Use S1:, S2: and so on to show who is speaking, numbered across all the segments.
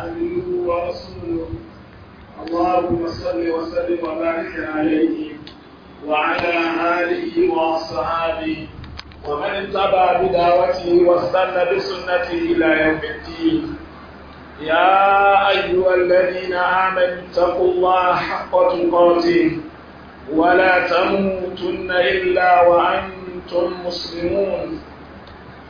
S1: عبده ورسوله اللهم صل وسلم وبارك
S2: عليه وعلى آله وأصحابه ومن اتبع بدعوته واستنى بسنته إلى يوم الدين يا أيها الذين آمنوا اتقوا الله حق تقاته ولا تموتن إلا وأنتم مسلمون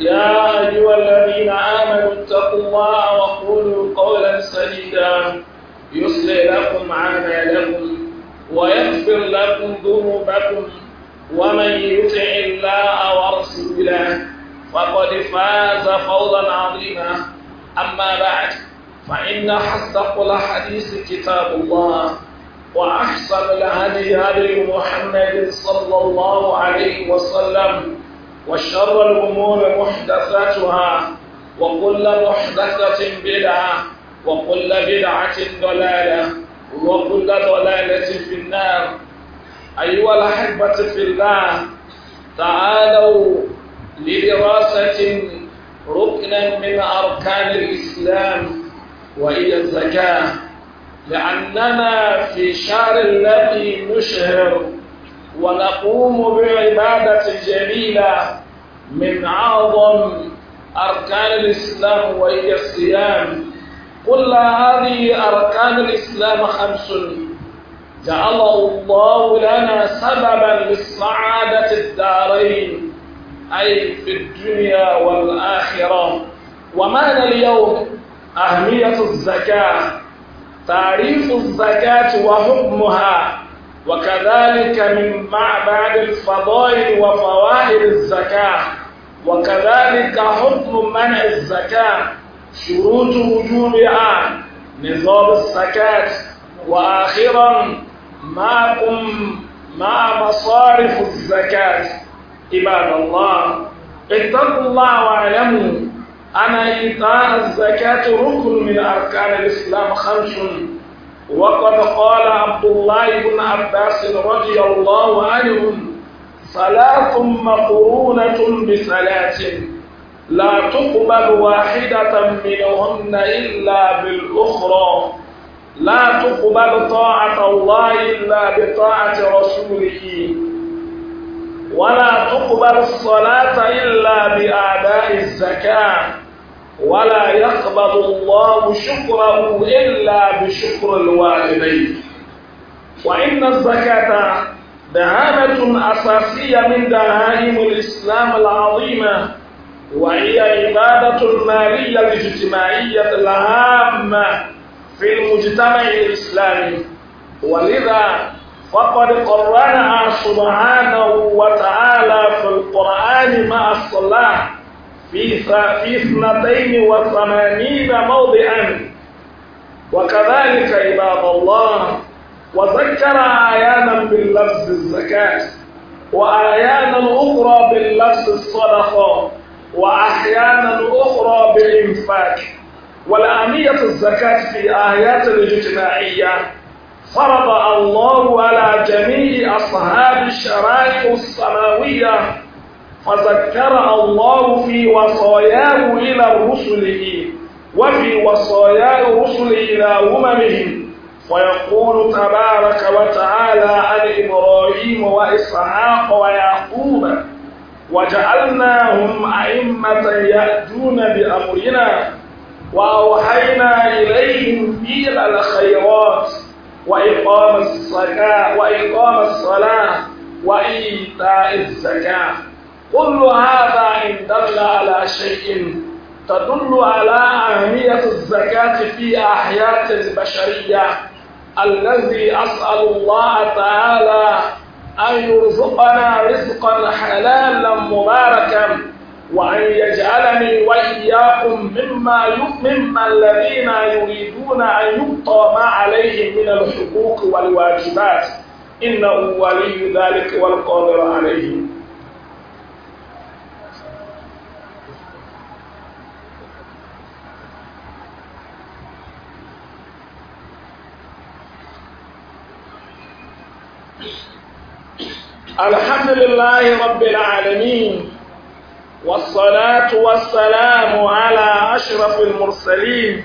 S2: يا أيها الذين آمنوا
S1: اتقوا الله وقولوا قولا سديدا يصلح لكم عمالكم ويغفر لكم ذنوبكم
S2: ومن يطع الله ورسوله فقد فاز فوزا عظيما أما بعد فإن حصدق الحديث كتاب الله وأحسن الهدي هدي محمد صلى الله عليه وسلم وشر الأمور محدثاتها وكل محدثة بدعة وكل بدعة ضلالة وكل ضلالة في النار أيها الأحبة في الله تعالوا لدراسة ركنا من أركان الإسلام وهي الزكاة لأننا في شهر الذي نشهر ونقوم بعبادة جميلة من أعظم أركان الإسلام وهي الصيام كل هذه أركان الإسلام خمس جعل الله لنا سببا لسعادة الدارين أي في الدنيا والآخرة ومعنى اليوم أهمية الزكاة تعريف الزكاة وحكمها وكذلك من بعد الفضائل وفوائد الزكاة وكذلك حكم منع الزكاة شروط وجوبها نظام الزكاة وآخرا معكم مع مصارف الزكاة عباد الله اتقوا الله واعلموا أن إيتاء الزكاة ركن من أركان الإسلام خمس وقد قال عبد الله بن عباس رضي الله عنهم صلاة مقرونة بثلاث لا تقبل واحدة منهن إلا بالأخرى لا تقبل طاعة الله إلا بطاعة رسوله ولا تقبل الصلاة إلا بأداء الزكاة ولا يقبل الله شكره إلا بشكر الوالدين وإن الزكاة دعامة أساسية من دعائم الإسلام العظيمة وهي عبادة مالية الاجتماعية الهامة في المجتمع الإسلامي ولذا فقد قرنها سبحانه وتعالى في القرآن مع الصلاة في اثنتين وثمانين موضعا وكذلك عباد الله وذكر آيانا باللفظ الزكاة وآيانا أخرى باللفظ الصدقة وأحيانا أخرى بالإنفاق والأهمية الزكاة في آيات الاجتماعية فرض الله على جميع أصحاب الشرائع السماوية فذكر الله في وصاياه إلى رسله وفي وصايا الرسل إلى أممهم ويقول تبارك وتعالى عن إبراهيم وإسحاق ويعقوب وجعلناهم أئمة يأتون بأمرنا وأوحينا إليهم فعل الخيرات وإقام الصلاة وإقام الصلاة وإيتاء الزكاة كل هذا إن دل على شيء تدل على أهمية الزكاة في أحياة البشرية الذي أسأل الله تعالى أن يرزقنا رزقا حلالا مباركا وأن يجعلني وإياكم مما مما الذين يريدون أن يبقى ما عليهم من الحقوق والواجبات إنه ولي ذلك والقادر عليه الحمد لله رب العالمين والصلاة والسلام على أشرف المرسلين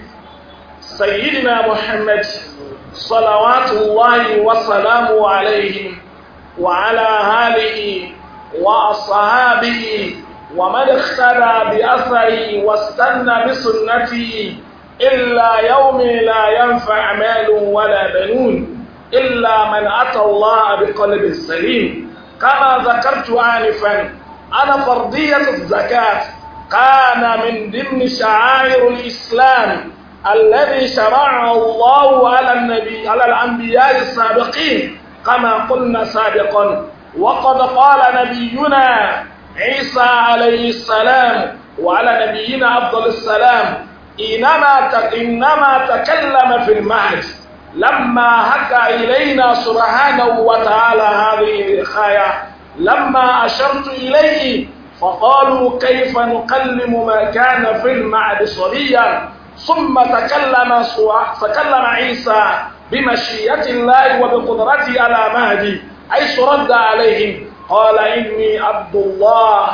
S2: سيدنا محمد صلوات الله وسلامه عليه وعلى آله وأصحابه ومن اختدى بأثره واستنى بسنته إلا يوم لا ينفع مال ولا بنون إلا من أتى الله بقلب سليم كما ذكرت آنفا أن فرضية الزكاة كان من ضمن شعائر الإسلام الذي شرعه الله على النبي على الأنبياء السابقين كما قلنا سابقا وقد قال نبينا عيسى عليه السلام وعلى نبينا أفضل السلام إنما إنما تكلم في المهد لما هكا إلينا سبحانه وتعالى هذه الآية لما أشرت إليه فقالوا كيف نكلم ما كان في المعد صبيا ثم تكلم تكلم عيسى بمشيئة الله وبقدرته على مهدي حيث رد عليهم قال إني عبد الله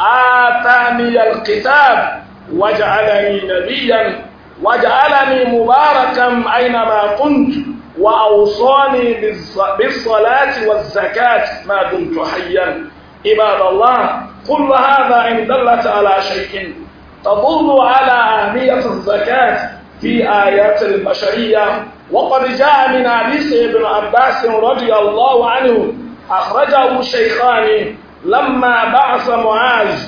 S2: آتاني الكتاب وجعلني نبيا وجعلني مباركا أينما كنت وأوصاني بالصلاة والزكاة ما دمت حيا عباد الله كل هذا إن دلت على شيء تدل على أهمية الزكاة في آيات البشرية وقد جاء من حديث ابن عباس رضي الله عنه أخرجه الشيخان لما بعث معاذ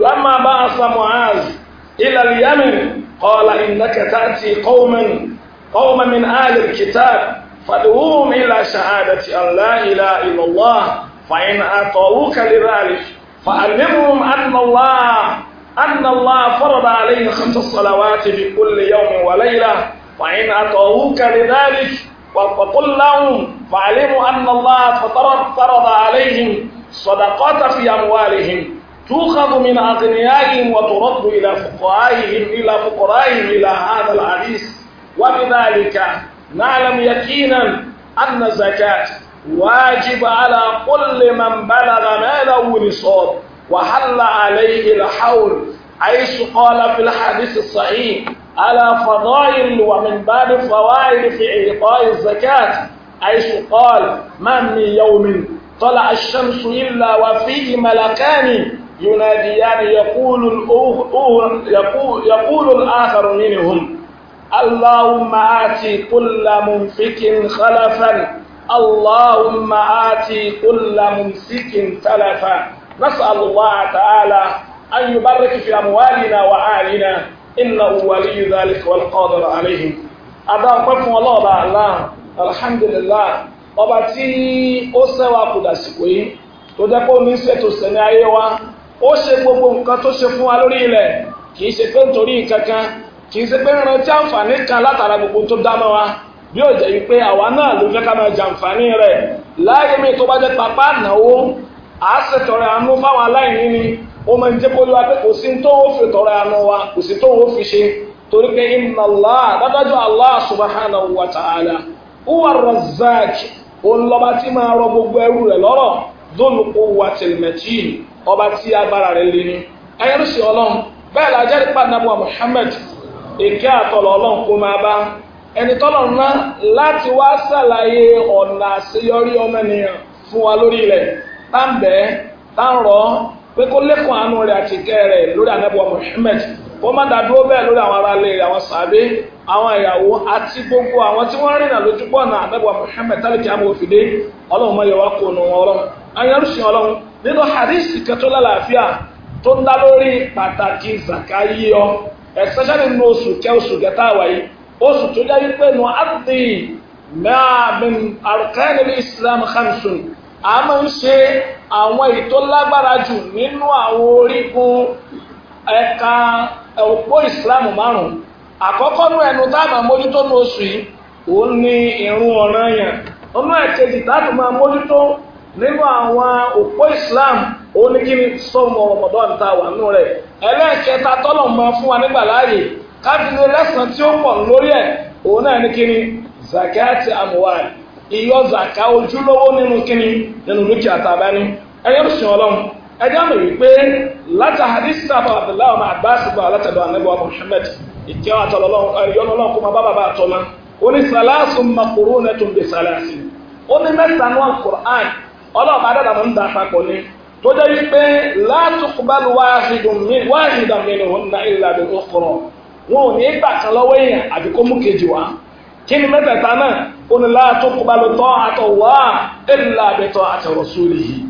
S2: لما بعث معاذ إلى اليمن قال إنك تأتي قوما قوما من أهل الكتاب فادعوهم إلى شهادة أن لا إله إلا الله فإن أطاعوك لذلك فعلمهم أن الله أن الله فرض عليهم خمس صلوات في كل يوم وليلة فإن أطاعوك لذلك فقل لهم فعلموا أن الله فرض عليهم صدقات في أموالهم تؤخذ من أغنيائهم وترد إلى فقرائهم إلى فقرائهم إلى هذا الحديث وبذلك نعلم يقينا أن الزكاة واجب على كل من بلغ ماله نصاب وحل عليه الحول حيث قال في الحديث الصحيح على فضائل ومن باب الفوائد في إعطاء الزكاة حيث قال ما من يوم طلع الشمس إلا وفيه ملكان يناديان يقول يقول الآخر منهم اللهم آتي كل منفك خلفا اللهم آتي كل ممسك تلفا نسأل الله تعالى أن يبارك في أموالنا وآلنا إنه ولي ذلك والقادر عليهم أدام قفوا الله بألا الحمد لله ọba tí ó sẹ́wà kò dàsìkò yìí ó se gbogbo nǹkan tó se fún wa lórí ilẹ̀ kì í ṣe pé nítorí nǹkan kan kì í ṣe pé àǹfààní kan látara gbogbo tó dá wa bí ó jẹ́ wípé àwa náà ló fẹ́ ká máa rẹ̀ mi tó bá jẹ́ à á tọrẹ àánú fáwọn aláìní ni ó máa ń wa kò sí tó ń fi ṣe torí pé inna Allah dónùkú wa tìlìmẹ̀tì ọba tí agbára rẹ̀ lé ní ẹyẹrú sí ọlọ́run bẹ́ẹ̀ la jẹ́rìí pa nàbọ̀ Muhammad èké àtọ̀lọ̀ ọlọ́run kó máa bá ẹni tọ́lọ̀ ńlá láti wá sàlàyé ọ̀nà àṣeyọrí ọmọnìyàn fún wa lórí rẹ̀ tá ń bẹ́ẹ̀ tá ń rọ̀ pé kó lékun àánú rẹ̀ àti ìkẹ́ rẹ̀ lórí kó má dàdúró bẹ́ẹ̀ lórí gbogbo àwọn tí wọ́n rìnà tálíkì àmọ́ òfìdé ọlọ́run yẹ ayọ́rùsìn ọlọ́run nínú harisi kan tó lálàáfíà tó ń dá lórí pàtàkì zaka yíyọ especially nínú oṣù kẹ oṣù kẹta wáyé oṣù tó jẹ́ wípé nù áàdì mẹ́àmìn arkanil islam khamsun a máa ń ṣe àwọn ètò lágbára jù nínú àwọn orígun ẹ̀ka òpó islam márùn-ún àkọ́kọ́ nú ẹnu táàmà mójútó ní oṣù yìí òun ni ìrun ọ̀ranyàn ọmọ ẹ̀kejì táàtù mójútó nínú àwọn òpó Islam onígiri sọmọ kí ni sọ́ọ̀mù wà rẹ̀ ẹlẹ́kẹta tọ́lọ̀ mọ fún wa nígbà láàyè káfíńdé lẹ́sàn tí ó pọ̀ lórí ẹ̀ òun náà ní zakati amuwal zaka ojúlówó nínú kíni nínú dúkìá ẹ̀yọ́ ọlọ́run ẹjọ́ mi wípé sábà abdullahi ọmọ ó ní mẹ́ta náà ọlọ́ọ̀bá dàdàmú ń da papọ̀ ni tó jẹ́ wípé látùkúbálù wáhìdàn mi nìhun na ìlà àdúgbò wọn ò ní gbà kan lọ́wọ́ èèyàn àbí kó mú kejì wá kí ni mẹ́tẹ̀ẹ̀ta náà ó ní látùkúbálù àtọ̀wá yìí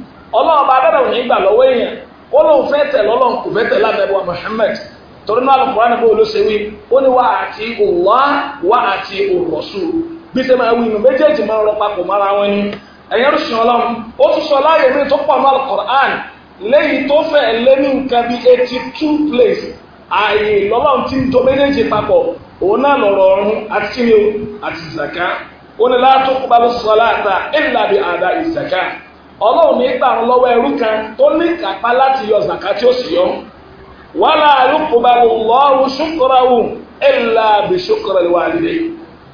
S2: gbà lọ́wọ́ èèyàn ó lóun fẹ́ tẹ̀ lọ́lọ́n kò fẹ́ tẹ̀ torí náà bó ló ṣe wí ó ní wá àti wá àti bí ẹ̀yẹ́ rúṣin ọlọ́run ó tún sọ láàyè mi tó pọ̀ mọ́ alukur'an léyìí tó fẹ́ lé ní nǹkan bíi eighty two place ààyè lọ́lọ́run ti ń jọ méjèèjì papọ̀ òun náà lọ̀rọ̀ ọ̀run àti o àti zaka ó ní látó kúbalù sọláàtà ìlà bíi àdá ìzaka ọlọ́run ní gbà ń lọ́wọ́ ẹrú kan tó ní kápá láti yọ zaka tí ó sì yọ wàhálà àlùkùbalù lọ́rùn ṣùkúrọ̀wù ìlà bíi ṣùkúrọ̀ ìwà àlè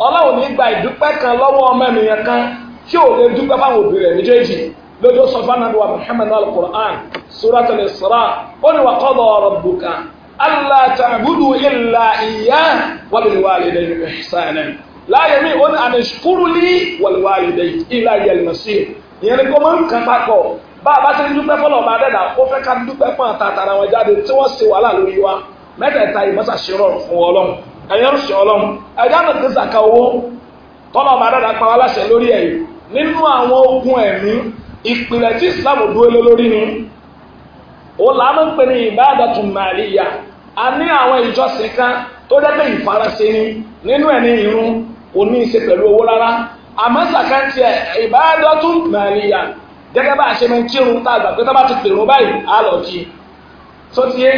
S2: ọlọ́run ní gbà ìdúpẹ́ kan lọ́wọ́ ọmọ ènìyàn kan tí ò lè dúpẹ́ fáwọn òbí rẹ̀ méjèèjì lójú sọ fánàdù wa Muhammad al-Qur'an surat al-Isra ó ní wa qada rabbuka alla ta'budu illa iyyah wa bil walidayni ihsanan láàyè mi ó ní an ishkuru li wal walidayni ilayya al-masir ìyẹn ni kò máa ń kàn papọ̀ bá a bá ti dúpẹ́ fọlọ́ ọba dẹ́dà ó fẹ́ ká dúpẹ́ fún àtàtàrà wọn jáde tí wọ́n ṣe wàhálà lórí wa mẹ́tẹ̀ẹ̀ta ìmọ́sàṣẹ́rọ̀ fún ọlọ́run ẹ̀yẹ́rùsẹ̀ ọlọ́run nínú àwọn ogun ẹ̀mí ìpìlẹ̀ tí Islam dúró lé lórí ni ó là á máa ń pè ní ìbádàtù màlíyà a ní àwọn ìjọsìn kan tó jẹ́ pé ìfarasin ni nínú ẹ̀ ní irun kò ní í ṣe pẹ̀lú owó rárá àmọ́ sàkántì ẹ̀ ìbádàtù màlíyà gẹ́gẹ́ bá a ṣe máa ń kírun tá a gbà pé tá a bá ti pèrò báyìí á lọ kí tó ti yé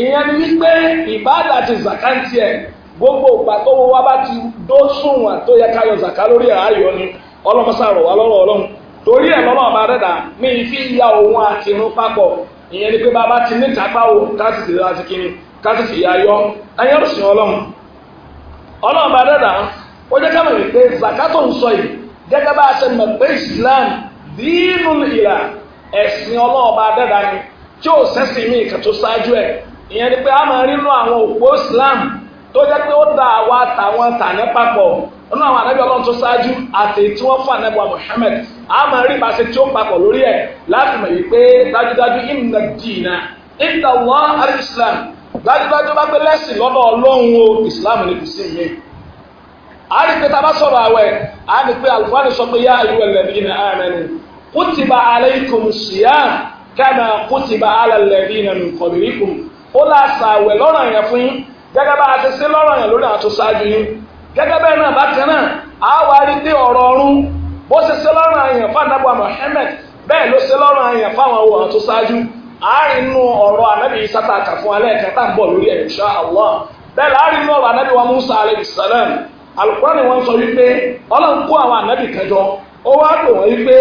S2: ìyẹn ni wípé ìbádàtù sàkántì ẹ̀ gbogbo ìgbà tó wọ́n wá bá ti dó sùnwọ̀n tó yẹ ká yọ zàká ẹ̀ á yọ ni. ọlọ́mọsàrò ọlọ́rọ̀ ọlọ́run torí ẹ̀ ọba dẹ́dà mi fi ya òun àti irun papọ̀ ìyẹn ni pé bàbá ti ní láti kíni ya yọ òsìn ọlọ́run ọba dẹ́dà ó jẹ́ káwọn ìpè zakato ń sọ yìí gẹ́gẹ́ bá a ṣe mọ̀ pé Islam dínú ìlà ẹ̀sìn ọlọ́ọba dẹ́dà ni tí ò sẹ́sìn tó jẹ́ pé ó da àwa àtàwọn tàní papọ̀ nínú àwọn ànábì ọlọ́run tó ṣáájú àti tí wọ́n fún ànábì Muhammad a máa rí ìbáṣe tí ó papọ̀ lórí ẹ̀ láti mọ̀ yìí pé dájúdájú islam dájúdájú bá gbé lẹ́sìn lọ́dọ̀ ọlọ́run o Islam ní kò sí mi. a rí pé tá sọ̀rọ̀ àwẹ̀ a rí pé al sọ pé yá ìlú ẹ̀lẹ́bí ní kama ala gẹ́gẹ́ bá a ti sí lọ́rọ̀ yẹn lórí àtúnṣáájú yìí gẹ́gẹ́ bẹ́ẹ̀ náà bákan náà a wá rí pé ọ̀rọ̀ ọ̀run bó ṣe sí lọ́rọ̀ àyàn fún anábì bẹ́ẹ̀ ló sí lọ́rọ̀ àyàn fáwọn ohun àtúnṣáájú àárín inú ọ̀rọ̀ anábì Isa tá a kà fún alẹ́ ń bọ̀ lórí Allah bẹ́ẹ̀ láàrin wa Musa sọ wípé àwọn anábì kẹjọ ó wá pè wọ́n wípé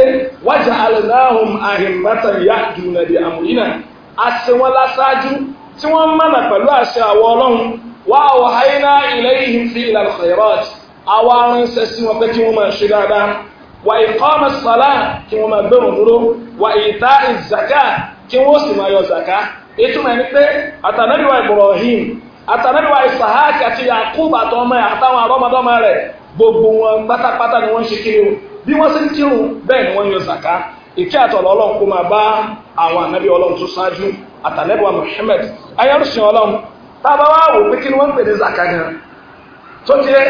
S2: tí wọ́n mọ̀nà pẹ̀lú àṣẹ àwọ ọlọ́run wá àwọ̀ àyínà ilẹ̀ yìí fi ìlànà khairat àwa aránṣẹ́ sí wọn pé kí wọ́n máa ṣe dáadáa wà ìkọ́mọ̀ sàlá kí wọ́n máa gbẹ̀rùn dúró wà ìta ìzàká kí wọ́n sì máa yọ zàká ìtumọ̀ ẹni pé àtànẹ́bíwá Ibrahim àtànẹ́bíwá Isahak àti Yakub àtọmọ àtàwọn àrọ́mọdọ́mọ rẹ̀ gbogbo wọn pátápátá ni wọ́n ṣe kiri bí wọ́n sì ń kírun bẹ́ẹ̀ ni wọ́n yọ zàká ìkẹ́ àtọ̀lọ́ ọlọ́run kó máa bá àwọn ànábì ọlọ́run tó ṣáájú àtàlẹ́bùwà Muhammad ayọ́rùsìn ọlọ́run tábà wò pé kí ni wọ́n ń pè zaka gan tó ti yẹ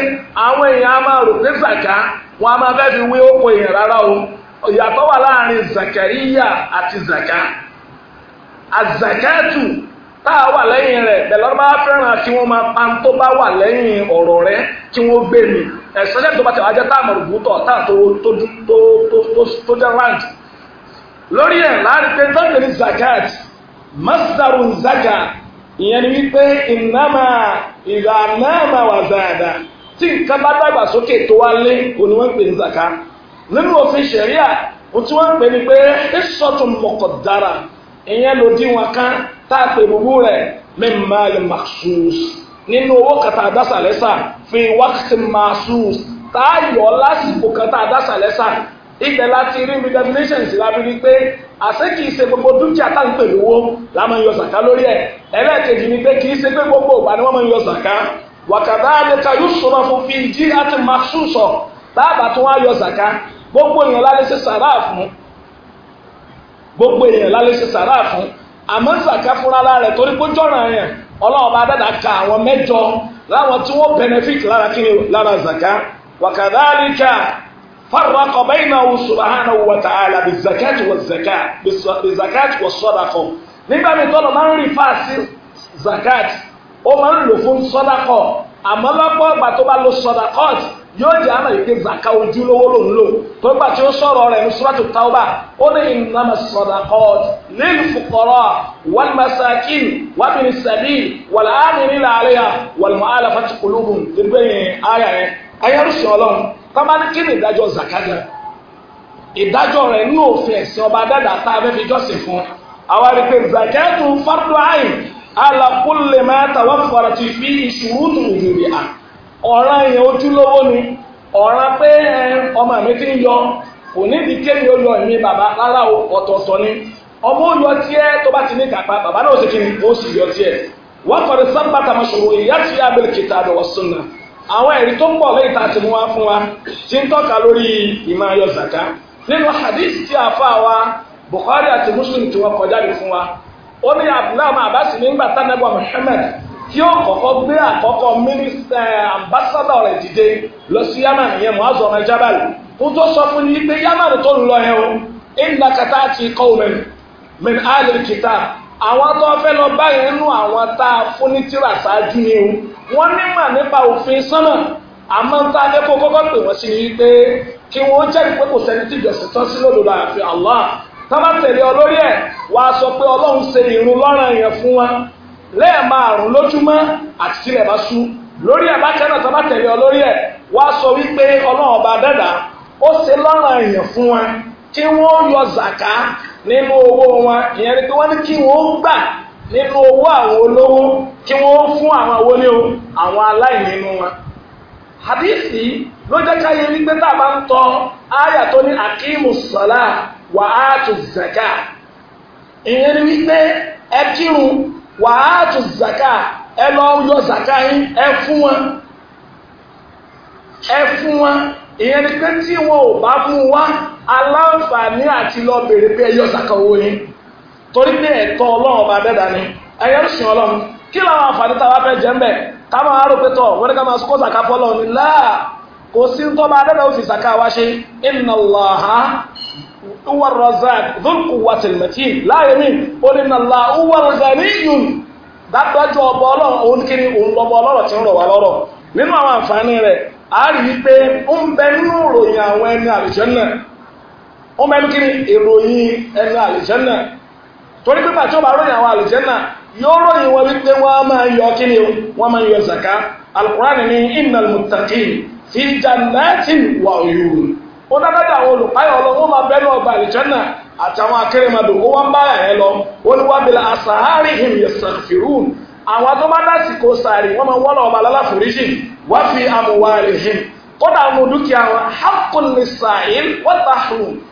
S2: àwọn èèyàn a máa rò pé zaka wọn a máa fẹ́ fi wé oko èèyàn rárá o ìyàtọ̀ wà láàrin zakariya àti zaka azakatu tá a wà lẹ́yìn rẹ̀ bẹ̀lọ́dún bá fẹ́ràn kí wọ́n máa pa tó bá wà lẹ́yìn ọ̀rọ̀ rẹ̀ kí wọ́n gbé mi zakat masdarun zaka ìyẹn ni wípé ìnáma ìlànàmà wà zàdà tí nǹkan bá dàgbà sókè tó wá lé òní wọ́n ń pè ní zaka nínú òfin ṣẹ̀ríà ohun tí wọ́n ń pè ní pé ìsọ̀tún mọ̀kọ̀dára ìyẹn ló dín wọn kán tá a pè gbogbo rẹ̀ mimma al-makhsus nínú owó kàtà àdásàlẹ́sà fi wákàtí makhsus tá a yọ lásìkò kàtà àdásàlẹ́sà ìgbẹ́ láti rí redefinition sí lábí rí àṣé kìí ṣe gbogbo dúkìá tá à ń la máa ń yọ zàká lórí ẹ̀ ẹlẹ́ẹ̀kejì ni pé kìí ṣe gbogbo ìgbà ni wọ́n máa ń yọ zàká wàkàdá àdéka yóò sọ̀rọ̀ fún fi jí àti màṣúṣọ̀ báàbà tó wá yọ gbogbo èèyàn lálẹ́ ṣe gbogbo èèyàn lálẹ́ ṣe sàrà fún àmọ́ fúnra rẹ̀ torí pé ọlọ́ọ̀bá dàda ka àwọn mẹ́jọ láwọn tí wọ́n benefit lára kí فرق بينه سبحانه وتعالى بالزكاة والزكاة بالزكاة والصدقة nígbà mi tọ́lọ̀ máa ń rí fàásì zakat ó máa ń lò fún sọ́dàkọ̀ àmọ́ lọ́pọ̀ ọgbà tó bá lo sọ́dàkọ́t yóò jẹ́ àmọ́ ìpín zaka ojúlówó ló ń lò tó gbà tí ó sọ̀rọ̀ rẹ̀ ní suratu tauba ó ní innama sọ́dàkọ́t lil fuqara wal masakin wabin sabil wal amilina alayha wal mu'allafati qulubuhum gbẹ̀yìn ayà yẹn ayárùsùn ọlọ́run tọ́mọ́ni kí ni ìdájọ́ zakada ìdájọ́ rẹ̀ ní òfin ẹ̀sìn ọba dada tá a fẹ́ fi jọ́sìn fún àwa rí pé fardu ayin ala kulli ma tawaffarat fi shurutu òjòrè à ọ̀ràn yẹn ojúlówó ni ọ̀ràn pé ọmọ mi ti ń yọ kò nídìí kéde ó yọ bàbá rárá ọ̀tọ̀ọ̀tọ̀ ni ọmọ ó yọ tiẹ̀ tó bá ti ní kápá bàbá náà ó sì kí ni ó sì yọ tiẹ̀ wọ́n kọ́ àwọn ẹ̀rí tó ń bọ̀ lẹ́yìn tá ti mú wá fún wa ti ń tọ́ka lórí ìmọ̀ ayọ̀ nínú hadith tí a fa wa Bukhari àti Muslim ti wọ́n kọjá lè fún wa ó ní abdullahi abasi nígbà tánàbọ̀ Muhammad tí ó kọ́kọ́ gbé àkọ́kọ́ mínísítà eh, rẹ̀ dìde lọ sí yẹn ọmọ Jabal o ìlà kata ti kọ́ omen min àwọn tó fẹ́ lọ báyìí nínú àwọn tá wọ́n nímọ̀ nípa òfin sánmà àmọ́ ń tá a lẹ́kọ̀ọ́ kọ́kọ́ pè wọ́n sí ni pé kí wọ́n jẹ́rìí pé kò sẹ́ni tí ìjọsìn tán sí lòdò láàfi Allah tọ́ba tẹ̀lé olórí ẹ̀ wàá sọ pé ọlọ́run ṣe ìrun lọ́rùn yẹn fún wa lẹ́ẹ̀márùn lójúmọ́ àti tílẹ̀ bá sú lórí ẹ̀ bákan náà tọ́ba tẹ̀lé olórí ẹ̀ wàá sọ wípé ọlọ́run ọba dẹ́dà ó ṣe lọ́rùn yẹn fún wa kí wọ́n yọ zàká nínú owó wọn ìyẹn ni pé wọ́n ní kí wọ́n gbà nínú owó àwọn olówó kí wọ́n fún àwọn awolé o àwọn aláìní nínú wọn hadisi ló jẹ́ káyé wípé tá bá ń tọ áyà tó ní akíìmù sọ̀lá wà á tù zàkà ìyẹn wípé ẹ wà á tù zàkà ẹ lọ yọ zàkà yín ẹ fún wọn ẹ fún wọn ìyẹn ni pé tí wọn ò bá wá aláǹfààní àti lọ bèrè pé ẹ yọ owó yín. torí pé ẹ̀tọ́ ọlọ́run ọba dẹ́dà ni ẹ̀yẹ́ ń sìn ọlọ́run kí làwọn àǹfààní táwa fẹ́ jẹ́ ń bẹ̀ ká máa rò pé tọ̀ wọ́n ní ká máa kó sàká fọ́ lọ́run ni láà kò sí tó bá dẹ́dà ó fi sàká wá ṣe inna Allaha huwa ar-razzaq dhul quwwati al láàyè mi ó ní inna Allaha huwa al-ghaniyyu dájúdájú ọba ọlọ́run kiri òun ọlọ́rọ̀ tí ń rọ̀ wá lọ́rọ̀ nínú àwọn àǹfààní rẹ̀ a rí i pé ó ń bẹ nínú ìròyìn àwọn ẹni àlùjànnà ó mẹ́nu kiri ìròyìn ẹni àlùjànnà torí pípa tí ó bá ròyìn àwọn àlùjẹ́nà yóò ròyìn wọn wípé wọ́n máa yọ kíni wọ́n máa yọ zaka alukuran ni innal muttaqin fi jannatin wa uyun ó dábàdà àwọn olùpáyọ̀ ọlọ́wọ́ máa bẹ́ẹ̀ lọ́ọ́ gba àlùjẹ́nà àtàwọn akérèmọdò ó wá ń báyà yẹn lọ ó ní wá bẹ̀rẹ̀ asahari him yastaghfirun àwọn tó bá dásìkò sàárì wọ́n máa wọ́n lọ́ọ́ ọba aláforíjì wá fi amwalihim kódà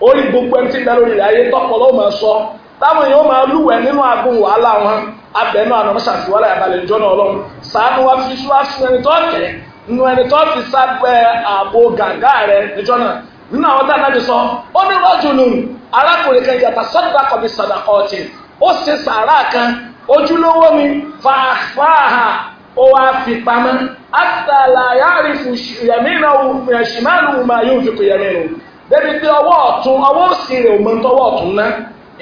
S2: ó yí gbogbo ẹni bẹ lórí ilẹ̀ ayé tọ́pọ̀ ló máa táwọn èèyàn máa ala nínú àgùn wàhálà wọn abẹ́nú ànàmọ́sà sí wàhálà ìbàlẹ̀ ìjọ́nà ọlọ́run sàánú wá fi ṣúwá sí ẹni tó kẹ̀ nínú ẹni tó fi sápẹ́ ààbò gàǹgà rẹ̀ níjọ́nà nínú àwọn tá àdájọ sọ ó ní rọ́jò nù arákùnrin kan yàtà sàdà ó ṣe kan ojúlówó mi fàáfàá ó wá fi pamọ́ àtàlà yàrá débi pé ọwọ́ ọ̀tún ọwọ́ òsì rẹ̀ ò mọ tọwọ́ ọ̀tún ná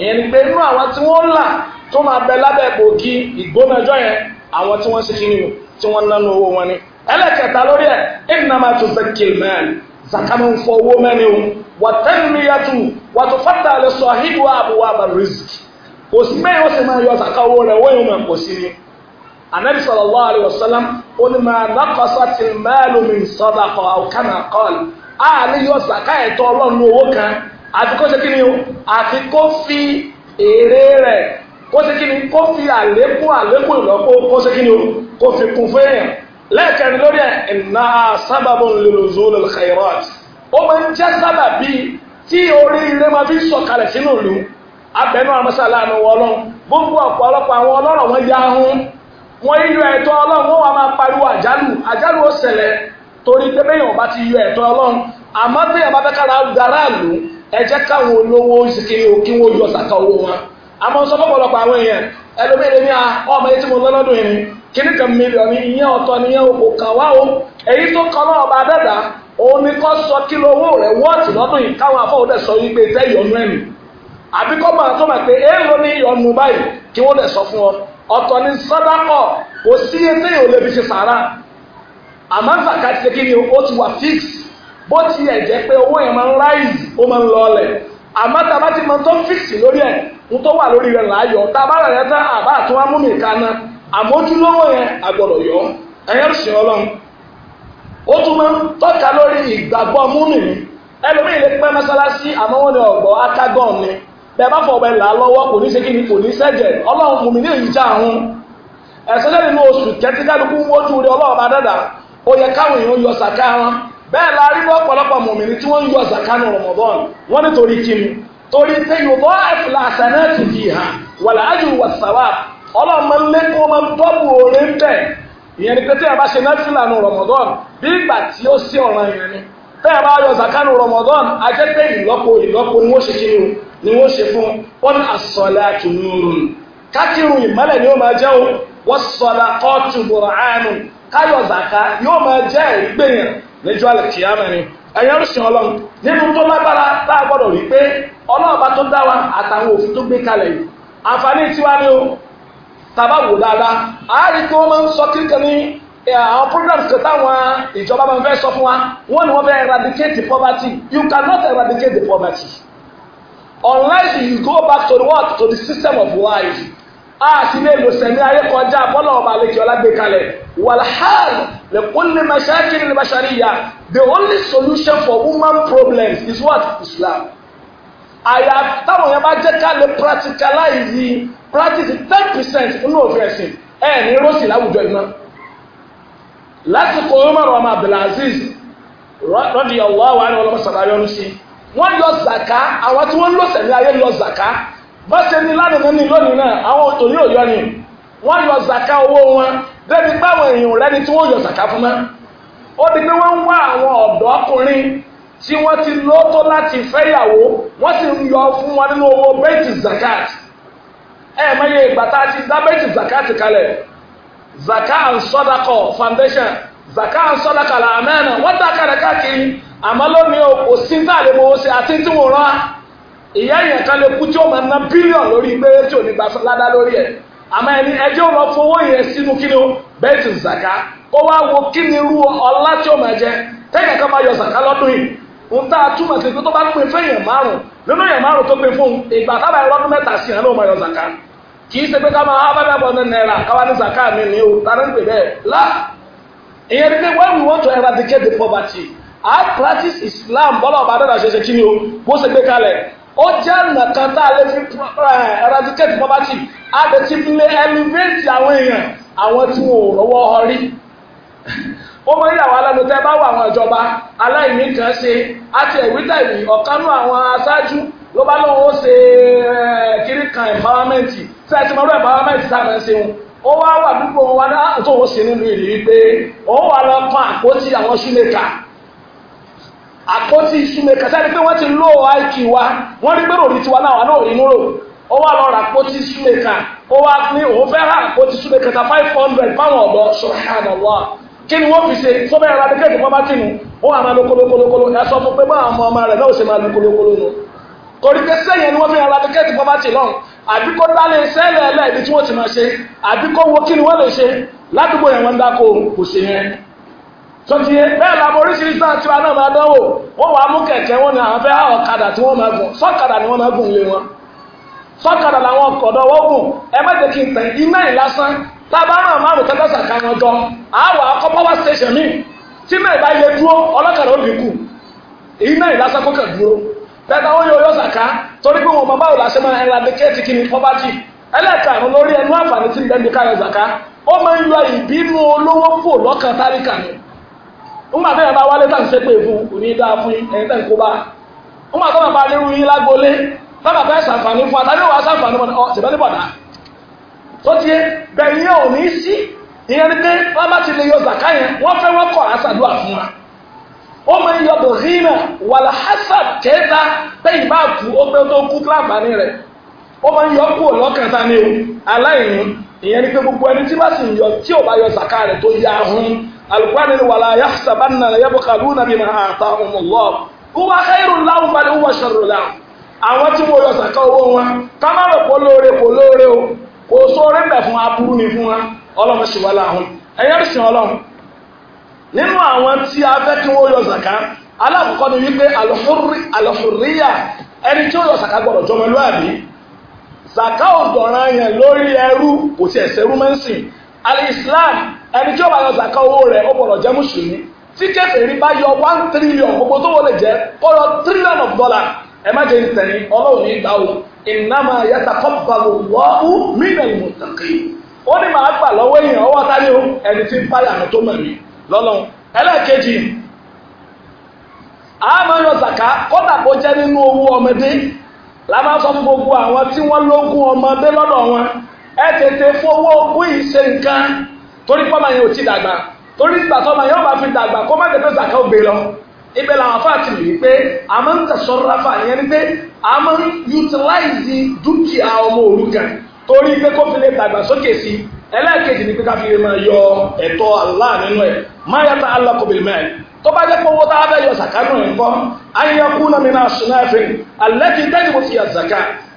S2: ìyẹn ni pé inú àwọn tí wọ́n là tó máa bẹ lábẹ́ gbòógì ìgbónájọ́ yẹn àwọn tí wọ́n sì kí nínú tí wọ́n nánú owó wọn ni ẹlẹ́kẹta lórí ẹ̀ ìnàmà tó fẹ́ kí mẹ́rin zakamu fọ owó mẹ́rin o wàtẹ́nìyàtù wàtò fata lè sọ àhídù àbúwá bá risk kò sí bẹ́ẹ̀ ó sì máa yọ zaka owó rẹ̀ wọ́n yóò máa kò sí ni anabi sallallahu alayhi wa sallam ó ní ti mẹ́lùmí sọ́dà kọ́ àlè yọ sàká ẹ̀tọ́ ọlọ́run owó kan àfi kó ṣe kí ni o àfi kó fi èrè rẹ̀ kó ṣe kí ni kó fi àlékún àlékún ìlọ́pọ̀ kó ṣe kí ni o kó fi kún fún èèyàn lẹ́ẹ̀kẹrin lórí ẹ̀ ìná sábàbọ̀ lòlòzòlò khairat ó máa ń jẹ́ sábàbí tí orí ilé máa fi sọ̀kalẹ̀ sínú ìlú abẹ́nú àmọ́sálà àmì wọlọ́n gbogbo ọ̀pọ̀lọpọ̀ àwọn ọlọ́rọ̀ wọn yá hún wọn yíyọ ẹ̀tọ́ ọlọ́run wọn wà máa pariwo àjálù àjálù ó ṣẹlẹ̀ torí pé bẹ́ẹ̀ yẹn bá ti yọ ẹ̀tọ́ ọlọ́run àmọ́ bẹ́ẹ̀ yẹn bá fẹ́ kára dára lù ẹ jẹ́ káwọn olówó ìsìnkiri kí wọ́n yọ sàkà owó wọn àmọ́ sọ fọ́pọ̀lọpọ̀ àwọn èèyàn ẹlòmíì lè ní à ah, ọmọ yìí tí mo lọ́lọ́dún yìí kíní kan mílíọ̀nù ìyẹn ọ̀tọ̀ nìyẹn kò kàn wá o èyí tó kọ́ náà ọba dẹ́dà òun ni kọ́ sọ kí lówó rẹ̀ wọ́ọ̀tì lọ́dún yìí káwọn afọ́wọ́dẹ̀ àmọ́ zaka ti kí ó ti wà fix bó tiẹ̀ jẹ́ pé owó yẹn máa ń rise ó máa ń ọlẹ̀ tá a bá ti mọ tó fix lórí ẹ̀ ń tó wà lórí rẹ̀ láàyò tá a bá rẹ̀ tán àbá àtúnwá mú mi kaná àmójúlówó yẹn àgbọ̀dọ̀ yọ ẹ̀yẹ́ ọlọ́run ó tún máa ń tọ́ka lórí ìgbàgbọ́ ẹlòmíì lè pẹ́ mọ́sálásí ni ọ̀gbọ́ akágọ́n ni bẹ́ẹ̀ bá fọwọ́ bẹ́ẹ̀ là lọ́wọ́ kò ní ni kò ní ọlọ́run ó yẹ káwọn èèyàn yọ sàká wọn bẹ́ẹ̀ la rí lọ́pọ̀lọpọ̀ mọ̀mìnì tí wọ́n ń yọ sàká ní Ramadan wọ́n nítorí kí ni torí pé yorùbá àfìlà àsànáàtì fi hàn wàlá àjù wà sàwà ọlọ́mọ lẹ́kọ́ ọmọ dọ́bù òrè ń bẹ̀ ìyẹn ni pé tí yàrá ṣe náfìlà ní Ramadan bí ìgbà tí ó sí ọ̀ràn yẹn ni káyọ̀ zàká yóò máa jẹ́ ẹ̀rí gbèyàn lẹ́jọ́ àlẹ́ kìámẹ́ ni ẹ̀yàn ń sìn ọlọ́run nínú tó lágbára tá a gbọ́dọ̀ rí pé ọlọ́ọ̀bá tó dá wa àtàwọn òfin tó gbé kalẹ̀ yìí àǹfààní tiwa ni o tàbá wò dáadáa àárín tí wọ́n máa ń sọ kíkan ní àwọn programs kan táwọn ìjọba máa ń fẹ́ sọ fún wa wọ́n ní wọ́n fẹ́ eradicate the poverty you cannot eradicate the poverty unless you go back to the world to the system of life aasi ne lo sẹmi ayé kọjá bọlọ ọba aleke ọla gbé kalẹ̀ walhal le kulli mashakil al bashariya the only solution for human problems is what islam àyà táwọn yẹn bá jẹ ká lè practicalize practice ten percent nínú òfin ẹsìn ẹ ní rọsì láwùjọ iná lásìkò Umar ọmọ Abdulaziz radiyallahu anhu ọlọmọ sàlàyé ọlọsí wọn yọ zaka àwọn tí wọn lọ sẹmi ayé lọ zaka. bá ṣe ní lánàá ní lónìí náà àwọn ni wọ́n yọ zaka owó wọn débi báwọn èèyàn rẹ ni tí wọ́n yọ zaka fún mọ́ ó di pé wọ́n ń wá àwọn tí wọ́n ti tó láti fẹ́yàwó wọ́n sì ń yọ fún wọn nínú owó bẹ́ẹ̀tì zakat ẹ mẹ́yẹ ìgbà tá a ti dá bẹ́ẹ̀tì zakat and sọ́dakọ̀ foundation zaka and sọ́dakọ̀ wọ́n àmọ́ lónìí ìyá èèyàn kan lè kú tí ó máa ná bílíọ̀nù lórí pé tí ò ní gba ládá lórí ẹ̀ àmọ́ ẹni ẹjẹ́ ò lọ fowó yẹn sínú zàká kó wá wo irú ọlá tí ó máa jẹ tẹ́yìn kan yọ zàká lọ́dún yìí ń tá a túmọ̀ sí pé tó bá pè márùn nínú márùn tó pè fún ìgbà tábà lọ́dún mẹ́ta sí ẹ̀ máa yọ zàká kì í ah, o ó jẹ́ ọ̀nà kan tá a lè fi eh, eradicate poverty a lè ti fi lè elevate àwọn èèyàn àwọn tí wọn ò rọwọ́ họ rí ó mọ ìyàwó alẹ́nu tẹ́ bá wà àwọn ìjọba aláìní kan ṣe àti ẹ̀wítà ìwì ọ̀kanú àwọn aṣáájú ló bá lóun ó ṣe eh, kiri kan empowerment tí a ti mọ ọdún empowerment sáà ń ṣeun ó wá wà dúpọ̀ wọn wá ah, tó wọ́n ṣe nínú ìlú wípé òun wà lọ àpótí àwọn ṣúlẹ̀ka àpótí ìsúnmẹ kẹsàrí pé wọ́n ti lò àìkì wa wọ́n rí pé ròrí tiwa náà wà náà rí múrò ó wà lọ́ra àpótí ìsúnmẹ kan ó wá ní òun fẹ́ rà àpótí ìsúnmẹ kẹta five hundred pound ọ̀dọ́ subhanallah kí ni wọ́n fi ṣe sọ́bẹ̀ ẹ̀rọ adékẹ́kẹ́ fọ́n bá tì nù ó wà máa lo kolokolokolo ẹ sọ fún pé bá àwọn ọmọ rẹ̀ náà ó ṣe máa lo kolokolo nù torí pé sẹ́yìn ni wọ́n fi ẹ̀rọ adékẹ́kẹ́ fọ́n bá tì lọ́n àbíkó dálé sẹ́lẹ̀ ẹlẹ́ẹ̀dì tí wọ́n ti máa ṣe àbíkó wo kí ni wọ́n lè ṣe ládùúgbò yẹn wọ́n ń kò sí yẹn sọ́tí bẹ́ẹ̀ làwọn oríṣiríṣi náà tí wọn náà máa dánwò wọ́n wàá mú kẹ̀kẹ́ wọn ni àwọn fẹ́ ọ̀kadà tí wọ́n máa gùn sọ́kadà ni wọ́n máa gùn lé wọn sọ́kadà làwọn ọkọ̀dọ̀ wọ́n gùn ẹ má jẹ́ kí n tàn iná yìí lásán tábàárà márùn kẹ́kẹ́sà kan wọn jọ àwọ̀ akọ́ power station mi tí mẹ́rin bá yẹ dúró ọlọ́kadà ó dínkù iná yìí lásán kọ́kà dúró bẹ́ẹ̀ wọ́n yóò yọ sàká torí pé wọn báwo la ṣe máa ẹran adékẹ́ẹ̀tì kí ni pọ́bátì ẹlẹ́ẹ̀karùn lórí ẹnu àǹfààní tí ń bẹ́ẹ̀ ní káyọ̀ sàká ó máa ń yọ ìbínú olówó kù lọ́kàn táríkà ni ńgbà tẹ́yìn bá wálé tàn ṣépè fún òní dáa fún ẹ̀yìn tẹ̀ ń kó bá ńgbà tọ́nà bá nírú yín lágbólé tọ́nà fẹ́ fún àtàlẹ́ wàá sàǹfààní ọ̀ ṣèbẹ́lẹ́ bọ̀dá tó ti yé yẹn ò ìyẹn ní pé ti lè yọ yẹn wa kẹta bá kú tó kú o aláìní ìyẹn ní pé gbogbo ẹni tí sì yọ tí bá yọ alukwani wala yaxsabanna yabukaduna bi ma ata umullah huwa khairun lahum bal huwa sharrun lahum àwọn tí mo yọ sàkà owó wọn ká má lọ kó lóore kó lóore o kò sóore bẹ̀ fún aburú ni fún wa ọlọ́mọ sì wà láhùn ẹ̀yẹ́ bìsìn ọlọ́run nínú àwọn tí a fẹ́ kí wọ́n yọ sàkà alákọ̀ọ́kọ́ ni wípé alùfùríyà ẹni tí ó yọ sàkà gbọ́dọ̀ jọmọlúwàbí sàkà ò dọ̀ranyàn lórí ẹrú kò sí ẹ̀sẹ̀ rúmẹ́nsìn al'islam islam ẹni tí ó bá yọ zaka owó rẹ̀ ó gbọ́dọ̀ jẹ́ mùsùlùmí tí kèfèrí bá yọ one trillion gbogbo tó wọlé jẹ kó yọ trillion of dollars ẹ má ọlọ́run ní ìgbà wo innama yataqabbalu Allahu minal ó ní màá gbà lọ́wọ́ èèyàn ọwọ́ táyé o ẹni tí ń páyà mi tó mọ̀ lọ́lọ́run ẹlẹ́ẹ̀kejì àmọ́ yọ zaka kọ́dà kó jẹ́ nínú owó ọmọdé fún gbogbo àwọn tí wọ́n lógún ọmọdé lọ́dọ̀ wọn ẹ tètè fowó ogún ìṣe nǹkan torí pọ́nmà yẹn ò ti dàgbà torí ìgbà tọ́mà yẹn ó bá fi dàgbà kó má tètè zàkà ògbé lọ ibẹ̀ làwọn afá ti rí pé a máa ń tẹ̀sọ́rọ́ afá yẹn ni pé a máa ń utilize dúkìá ọmọ òrukàn torí pé kó fi lè dàgbà sókè sí ẹlẹ́ẹ̀kejì ni pé ká fi lè máa yọ ẹ̀tọ́ Allah nínú ẹ̀ má yàtọ̀ alákòbìlì mẹ́rin tó bá jẹ́ pọ́wọ́ tá a bẹ́ yọ sàkánù ẹ̀ ń kọ́ ayé kú náà mi náà sùn náà fi alẹ́ ti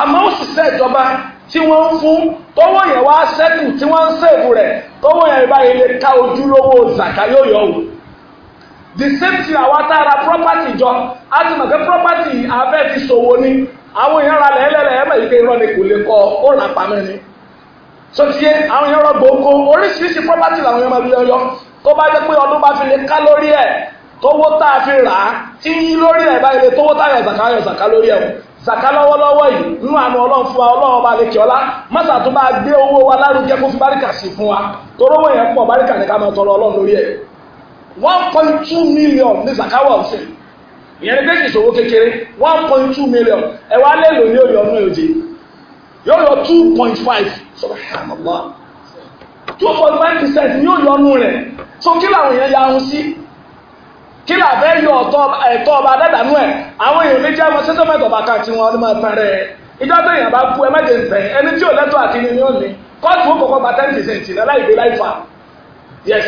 S2: àmọ́ òṣìṣẹ́ ìjọba tí wọ́n ń fún tọ́wọ́ yẹn wá sẹ́kù tí wọ́n ń sèbù rẹ̀ tọ́wọ́ yẹn báyìí lè ká ojúlówó zàkà yóò yọ wò the same thing àwọn tá a ra property jọ a ti mọ̀ pé property abẹ́ ti ṣòwò ni àwọn èèyàn ra lẹ́lẹ́lẹ́ ẹ̀ mọ̀ yìí pé irọ́ ni kò lè kọ ó rà pamẹ́ ni so ti yé àwọn èèyàn rọ gbòǹgbò oríṣiríṣi property làwọn èèyàn máa fi yọ tó bá jẹ́ pé ọdún bá fi lè ká lórí ẹ̀ tówó tá a fi rà á tí lórí ẹ̀ báyìí lè tówó tá a yọ zàkà yọ zàkà lórí ẹ̀ zaka lọ́wọ́lọ́wọ́ yìí nínú àánú ọlọ́run fún wa lè kí ọlá mọ́sà bá gbé owó wa lárugẹ kó fi báríkà sí fún wa torówó yẹn pọ̀ báríkà ní ká máa tọrọ ọlọ́run lórí ẹ̀ one point two million ní zaka wà ọ̀sẹ̀ ìyẹn ní ìṣòwò one point two million ẹ wá lò ní ọdún òde yọ two point five two point five percent ní ọdún rẹ̀ so kí làwọn èèyàn sí kí là fẹ́ yọ ẹ̀tọ́ ọba dàdánú ẹ̀ àwọn èèyàn ní jẹ́ ọmọ sẹ́sẹ́mẹ̀tì ọba kan tí wọ́n máa tán rẹ̀ ìjọ tó èèyàn bá kú ẹ má jẹ ẹni tí ò lẹ́tọ̀ àti ní ó ní kóòtù ó ten percent ní aláìgbé láìfà yes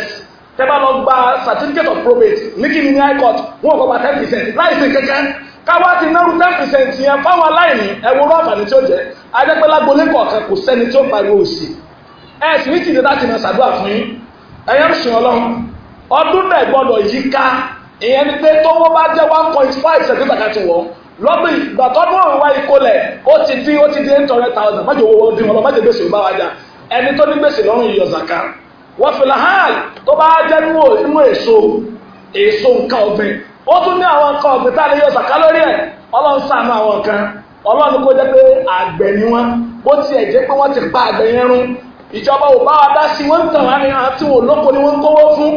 S2: tẹ́ bá lọ gba certificate of probate ní kí ni ní high court wọ́n kọ́ gba ten percent láìsí kẹ́kẹ́ káwá ti náírú ten percent yẹn fáwọn aláìní ẹwúrọ́ àǹfààní tí ó jẹ adẹ́pẹ́lágbólé kọ̀ọ̀kan kò sẹ́ni tí ó pariwo òsì ẹ̀ sì ní tìǹda láti máa ṣàdúrà fún yín ẹ̀yẹ́ ń sìn ọlọ́run ọdún náà gbọ́dọ̀ yíká ìyẹn ni pé tówó bá jẹ́ one point five ṣẹ̀dí sàkàtì wọ̀ lọ́dún ìgbà tọ́dún òun wá ó ti dín ó ti dín eight hundred thousand mẹ́jọ owó wọn wọn lọ gbèsè bá ẹni tó ní gbèsè lọ́rùn wọ́n fi làhán tó bá jẹ́ èso èso nǹkan ọ̀gbìn ó tún ní àwọn nǹkan ọ̀gbìn tá a lè yọ lórí ẹ̀ ọlọ́run sàánú àwọn ọlọ́run kó ti pa àgbẹ̀ yẹn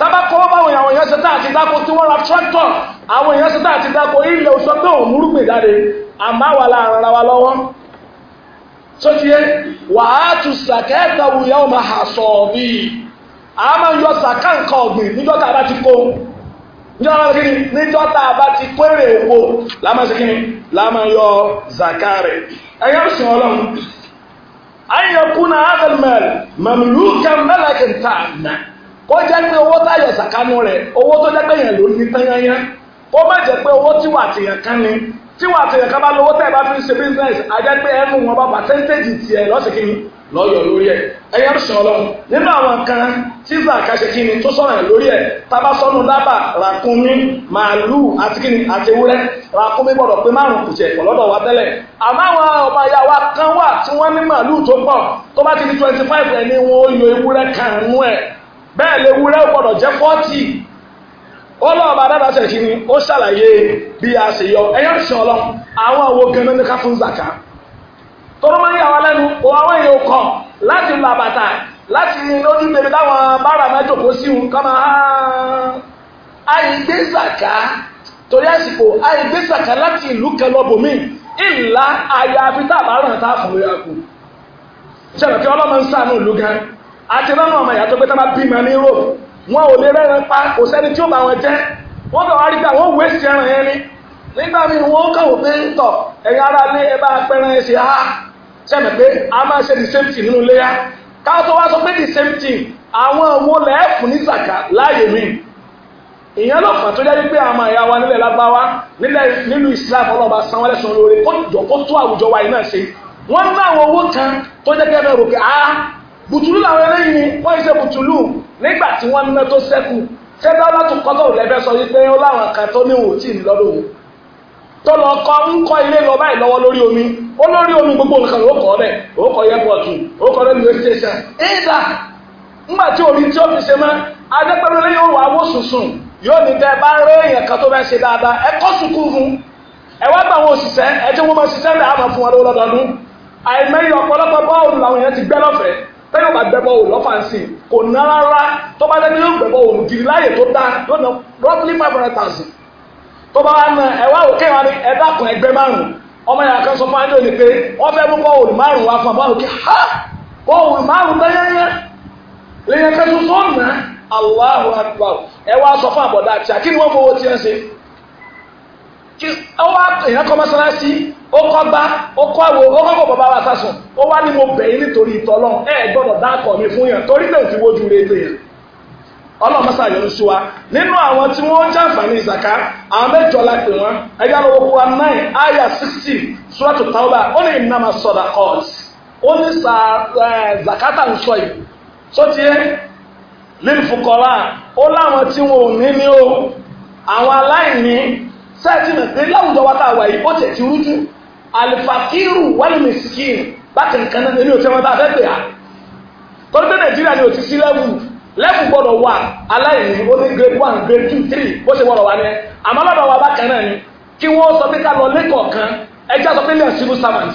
S2: tábà kọ́ báwọn àwọn èèyàn ṣe tá àti dáko tí wọ́n ra tractor àwọn èèyàn ṣe tá àti dáko ilẹ̀ oṣù pé òun múrùgbìn jáde àmọ́ àwa la ràn ra wa lọ́wọ́ tó ti yé wàá tu sàkẹ́ẹ̀tà wùyá ò máa hà sọ bí a máa yọ mamlukan mẹ́lẹ̀kì ń kó jẹ́ pé owó táyọ̀ sàkánú rẹ̀ owó tó jẹ́ pé yẹn ló ní tányányá kó má jẹ́ pé owó tíwà tìyàn kan ni tíwà tìyàn kan bá lówó tẹ̀ bá fi ń ṣe business ajẹ́ pé ẹnu wọn bá percentage tiẹ̀ lọ́sìkìní lọ́yọ̀ lórí ẹ̀ ẹ̀yẹ́ ń sọ̀rọ̀ nínú àwọn nǹkan tí zaka kí ni tó sọ̀rọ̀ ẹ̀ lórí ẹ̀ tábà sọ́nu dábà ràkúnmí màálù àti kí ni àti ewúrẹ́ ràkúnmí gbọ́dọ̀ pé márùn kùtì ẹ̀pọ̀ lọ́dọ̀ wa tẹ́lẹ̀ àmọ́ àwọn ọba ìyá wa kan wà tí wọ́n ní màálù tó pọ̀ tó bá ti di twenty five ẹni ni ó yọ ewúrẹ́ kan nú ẹ̀ bẹ́ẹ̀ lè wúrẹ́ gbọ́dọ̀ jẹ́ fọ́tì ọlọ́ọ̀bà kí ni ó ṣàlàyé bí a ṣe yọ ẹ̀yọ́ ṣe ọlọ́run àwọn àwo gan ní ká fún zaka Tọrọ máa ń yà lẹ́nu o àwọn èèyàn kọ̀ láti lu àbàtà láti lójú bèbè táwọn bára máa jòkó sí un ká máa zaka torí àsìkò zaka láti ìlú tá kí àti rán ọmọ ìyàtọ̀ pé tábà bímọ ní Europe wọn ò lè rẹ́ran pa kò sẹ́ni tí ó bá wọn jẹ́ wọ́n bẹ̀ wá rí pé àwọn òwe sí ẹran yẹn ni nígbà míì wọn ó kàwé pé ń tọ̀ ẹ̀yà ara lé ẹ bá pẹ́ran ẹ̀ sí ha sẹ́mi pé a máa ṣe the same thing nínú iléyà káwọn tó wá sọ pé the same thing àwọn òwò lẹ́ẹ̀fù ní zaka láàyè mi ìyẹn ló fà jẹ́ wípé àwọn àyà wa nílẹ̀ lágbáwá nílùú Islam ọlọ́ba sanwó lẹ́sàn-án lóore kó tó àwùjọ wa yìí náà ṣe wọ́n ní àwọn owó kan tó jẹ́ kí ẹ bùtùlù làwọn eléyìí ni wọ́n ṣe bùtùlù nígbà tí wọ́n ná tó sẹ́kù ṣẹ́dá látùkọ́tọ̀ lẹ́fẹ́ sọ wípé ó láwọn kan tó ní òtí lọ́dọ̀ òun tó lọ kọ́ ń kọ́ ilé omi ó lórí omi gbogbo nǹkan ló kọ́ bẹ́ẹ̀ ó kọ́ yẹ́pọ̀tù ó kọ́ rẹ́lùwé station ìdá tí omi tí ó fi ṣe mọ́ adẹ́pẹ́rẹ́ lẹ́yìn sùsùn yóò ní tẹ́ bá rẹ́ tẹ́yọ̀ bá gbẹ́bọ̀ òun lọ́fà ń sìn kò ná rárá tó bá dẹ́ni yóò gbẹ́bọ̀ òun gidi láàyè tó dáa yóò ná roughly five hundred thousand
S3: tó bá wà ná ẹ̀wá òkè wa ní ẹ̀dá kan ẹgbẹ́ márùn-ún ọmọ yàrá kan sọ fún adé òní pé wọ́n fẹ́ mú bọ́ márùn-ún fún abáwòkè
S2: ha òun márùn-ún lẹ́yẹ̀yẹ́ lẹ́yẹ̀ kẹ́tù tó ná Allahu Akbar ẹ̀wá sọ fún àbọ̀dá àti àkínní wọ́n fowó tiẹ̀ ṣe kí ọwọ́ èèyàn kọ́ mọ́sálásí ó kọ́ gbá ó kọ́ àwò ó kọ́ bọ̀bọ̀ sásùn ó wá ní mo bẹ̀ yín nítorí ìtọ́lọ́ ẹ gbọ́dọ̀ dákọ̀ mi fún yàn torí náà ti wojú rẹ̀ tó yàn ọlọ́mọsá yọrù sí wa nínú àwọn tí wọ́n jàǹfààní ìsàká àwọn mẹ́jọ la nine aya sixteen suratu tauba ó ní ìnáma sọ̀dà ọ̀s ó ní zakata ń sọ yìí tó ti yẹ lílfukọ́ra ó láwọn wọn ò àwọn sẹ́ẹ̀tì mọ̀ pé láwùjọ wa táwa yìí ó tẹ̀ ti rújú alifakiru wàlúmẹ̀sìkìrì bákan kan náà èmi ò tẹ́ wọn bá fẹ́ pè á torí pé nàìjíríà ni ò sí lẹ́wù lẹ́wù gbọ́dọ̀ wà aláìní ó ní grade one grade two three bó ṣe gbọ́dọ̀ wà ní ẹ àmọ́ lọ́dọ̀ ni kí wọ́n sọ pé ká lọ lẹ́kọ̀ọ́ kan civil servant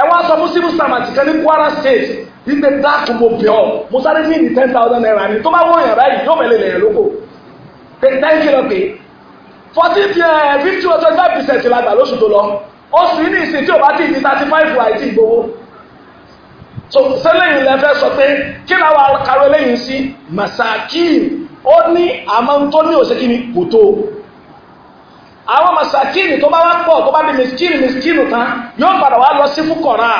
S2: ẹ wá civil servant kan ní state ìgbẹ́ dáàkù mo bẹ̀ ọ́ mo ten thousand naira ni tó bá wọ̀nyàn báyìí yóò mẹ́lẹ̀ lẹ́yìn fourteen pm fifty or twenty five percent la gbà lóṣù tó lọ ó sì ní ìsìn tí ò bá ti di thirty five wáyé tí gbowó so sẹ́lẹ̀yìn lẹ fẹ́ sọ pé kí làwọn akaro lẹ́yìn sí masakin ó ní àmọ́ tó ní òṣèkí ni kò tó àwọn masakini tó bá wá pọ̀ tó bá di miskini miskini tán yóò padà wá lọ sí fúkọ̀rá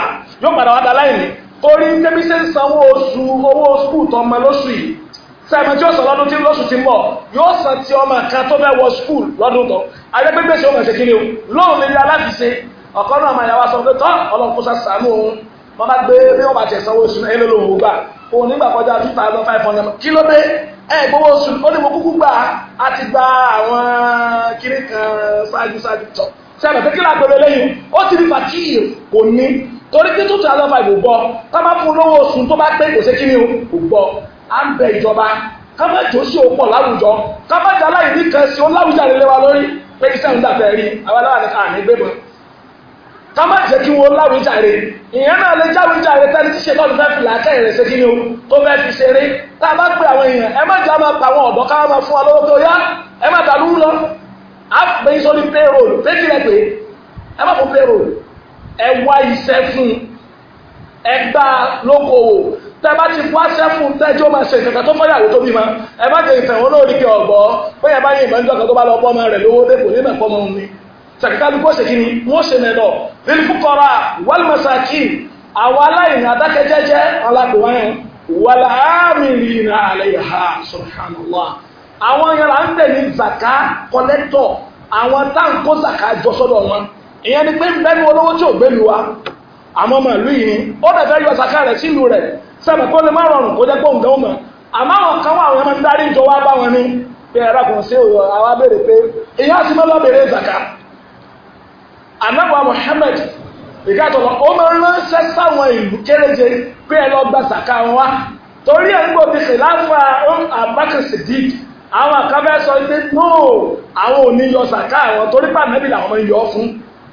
S2: yóò padà wá daláìní torí tẹ́bí sanwó oṣù owó oṣù tó ọmọ lóṣù yìí sẹ́mi tí ó sọ lọ́dún tí lọ́sùn ti mọ̀ yóò sàn tí ọmọ kan tó bẹ́ wọ skúl lọ́dún tán ayẹ́gbẹ́gbẹ́ sí ọmọ ṣe kiri o lóòrùn nílé aláfiṣe ọ̀kan náà máa yàwá sọ pé tán ọlọ́kùnṣà sàánú òun wọ́n bá gbé bí wọ́n bá tẹ̀ sanwó oṣù ẹlẹ́ lòun gbà òun nígbà kọjá two thousand five hundred kí ló dé ẹ gbowó oṣù ó ní mo kúkú gbà á ti gba àwọn kiri kan ṣáájú ṣáájú tọ sẹ́mi pé kí ló àgbèrè lẹ́yìn ó ti di fàkìyè kò ní torí pé two thousand five ò gbọ́ tá a bá fún lówó oṣù tó bá pé kò ṣe kí ni ò gbọ́ à ń bẹ ìjọba ká má jò sí láwùjọ ká má jà nìkan sí ó láwùjọ wa lórí pé iṣẹ́ ń rí àwọn aláwà ní gbébọn ká má jẹ́ kí wọ́n láwùjọ ìyẹn náà lè jáwùjọ tẹ́lẹ̀ ṣe lọ́dún fẹ́ fi làákẹ́ rẹ̀ kí ni o tó fẹ́ fi ṣeré tá a bá pè àwọn èèyàn ẹ má jà máa pa àwọn ọ̀dọ́ ká máa fún wa lọ́wọ́ tó yá ẹ má dàlú lọ á pè é payroll tẹ bá ti fún aṣẹ́fún tẹ́jọ́ máa ṣe ìkankan tó fọ́yàwó tó bímọ ẹ bá jẹ ìfẹ̀wọ́n lórí kí ọ̀gbọ́ pé ẹ bá yín ìmọ̀ nígbà kan tó bá lọ bọ́mọ rẹ̀ lówó dé ní mẹ̀kọ́ mọ́ ni sàkíkà ló gbọ́sẹ̀ kí ni wọ́n ṣe mẹ́lọ fílfúkọ́ra wàlmọ̀sàkì àwọn aláìní adákẹ́jẹ́jẹ́ alákùnrin wàlá àmìlì zaka kọ́lẹ́tọ̀ àwọn táǹkó zaka jọ sọ́dọ̀ wọn ìyẹn ni pé ń bẹ́nu olówó tí ò zaka rẹ̀ sílùú sẹ́mi kó lè má rọrùn kó jẹ́ pòǹgà ó mọ̀ àmọ́ àwọn kan wà wọn darí ìjọ wá bá wọn ní pé ẹ̀rọ kò sí òyò àwa béèrè pé ìyá ti mọ́ lọ́bẹ̀rẹ̀ zaka anábọ̀ Muhammad ìkàtọ̀lọ̀ ó máa ń ránṣẹ́ sáwọn ìlú kéréje pé ẹ lọ gba zaka wọn wá torí ẹ̀ ń gbọ́ bí kìláfà Abubakar Siddiq àwọn àkàbẹ́ sọ pé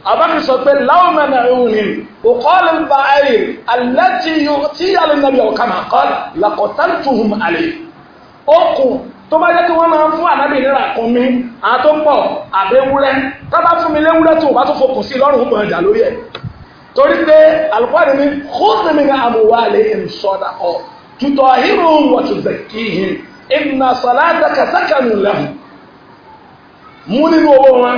S2: abáfi sọ pé láwùmẹ̀nà ìhùnì òkọ́lù bá ayé alẹ́tì yóò tí alẹ́ nàbí ọ̀kàmà kọ́ làkọ̀tàn tuhùm àlè okùn tó bá yẹ kí wọ́n máa ń fún ànábì nira kan mi àwọn tó torí pé alùpàdé mi kóòtù mi lè ń sọ́dà ọ̀ tutọ̀ hírò wọ̀tù zẹ̀kíhìn ìnà sàlátà kàtàkànù lẹ́hùn mú nínú owó wọn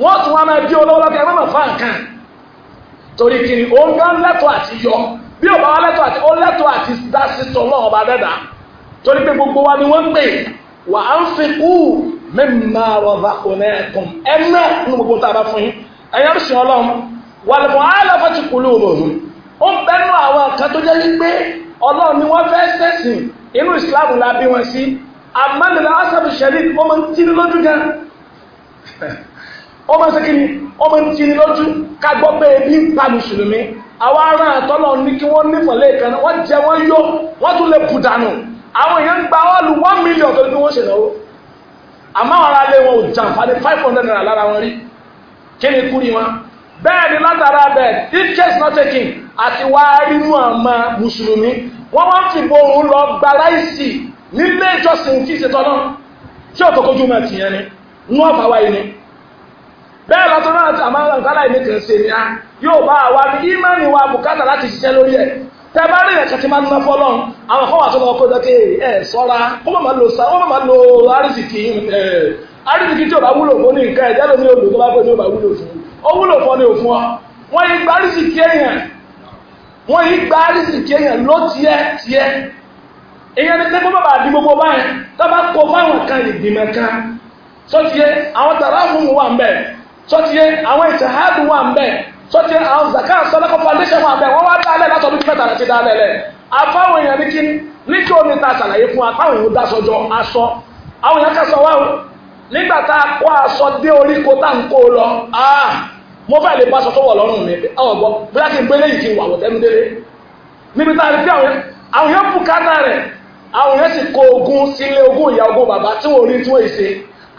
S2: wọ́n tún wá máa bí olówó lọ́kẹ́ ẹgbẹ́ màá fa nǹkan torí kiri òun gan lẹ́tọ̀ àti yọ bí ò bá wá lẹ́tọ̀ àti ó lẹ́tọ̀ àti dá sí tọ́lọ́ ọba dẹ́dà torí pé gbogbo wa ni wọ́n ń pè wà á ń fi kú mímá rọ̀bà onẹ́kùn ẹ̀mẹ́ ní gbogbo tá a bá fún yín ẹ̀yẹ́ ń sìn ọlọ́run wà lọ́wọ́ aláfàtì kúlú òbòrùn ó ń bẹ́nu àwọn kan tó jẹ́ wípé ọlọ́run ni wọ́n fẹ́ sẹ́sìn inú ìsìláàmù la bí wọn sí àmọ́ nílẹ̀ asàbùsẹ̀rí ó máa ń tí lójú gan ọmọ ṣekínì ọmọ ti ní lójú ká gbọ́ pé ebi ń pa mùsùlùmí àwọn ará àtọ́lọ̀ ní kí wọ́n nífọ̀ lẹ́ẹ̀kan wọ́n jẹ wọ́n yó wọ́n tún lè pùdànù àwọn èèyàn gba wọ́n lu one million tó ní wọ́n ṣe náwó àmọ́ àwọn five hundred naira lára wọn rí kí ni kúrì wọn bẹ́ẹ̀ ni látara bẹ́ẹ̀ if case not taken àti wá rínú àmọ́ mùsùlùmí wọ́n wá ń fìbò òun lọ gba láìsí bẹ́ẹ̀ lọ́tọ́ náà tí a máa ń ràn a yóò bá wa ní ímánì wa bùkátà láti ṣiṣẹ́ lórí ẹ̀ tẹ́ bá rí ẹ̀ka tí máa ń ná fọ́lọ́n àwọn kan wà tó lọ́kọ́ ẹ̀ sọ́ra ó má lo sa ó lo arísìkì ẹ̀ arísìkì tí ò bá wúlò fún ní nǹkan òdò tó bá fẹ́ ò bá ọ wọ́n yí gba èèyàn wọ́n yí gba èèyàn ló èèyàn ní pé àdí gbogbo báyìí tó bá kó sọtiyé àwọn ìṣẹ̀hádùn wà ń bẹ̀ sọtiyé àwọn zaka sọlọ́kọ̀ foundation wà ń bẹ̀ wọ́n wá dálẹ̀ látọ̀dún mẹ́ta láti dálẹ̀ lẹ̀ afáwọn èèyàn ní kí ní kí omi ta ṣàlàyé fún wa káwọn èèyàn dasọjọ aṣọ àwọn èèyàn kẹsàn wá o nígbà tá a kó aṣọ dé orí kó tá n kó lọ ah, mo fẹ́ lè bá aṣọ tó wọ̀ lọ́rùn mi ọ̀ gbọ́ bí láti gbé léyìí kí n wà wọ̀ tẹ́nu délé níbi tá a rí pé àwọn èèyàn bùkátà rẹ̀ àwọn èèyàn sì kó ogun sílé ogun ìyá ogun bàbá tí wọ́n rí tí wọ́n ṣe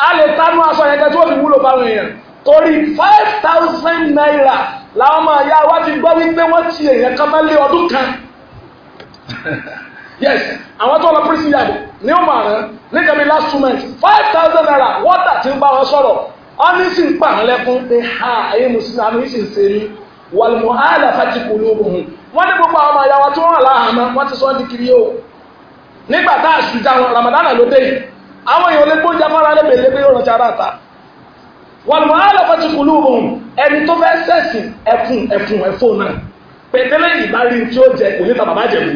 S2: a lè tanú aṣọ yẹn kẹ́ tí wọ́n fi wúlò báwọn èèyàn torí five thousand naira la ọmọ ya wa ti gbọ́ wípé wọ́n ti èèyàn kan ọdún kan yes àwọn tó lọ prison yard ní ọmọ àrán nígbà last five thousand naira wọ́tà ti ń bá wọn sọ̀rọ̀ ọ́ní sì ń pa pé ha ayé sì ń ṣe wàlùmọ́ wọ́n ní ọmọ tí wọ́n wọ́n ti sọ di kiri nígbà tá a wàlùmọ́ àlọ́kọ́ ti kúlú ohun ẹni tó fẹ́ sẹ̀sìn ẹ̀fún ẹ̀fún ẹ̀fún náà pẹ̀tẹ́lẹ̀ ìbárí tí ó jẹ kò ní ta bàbá jẹ̀mú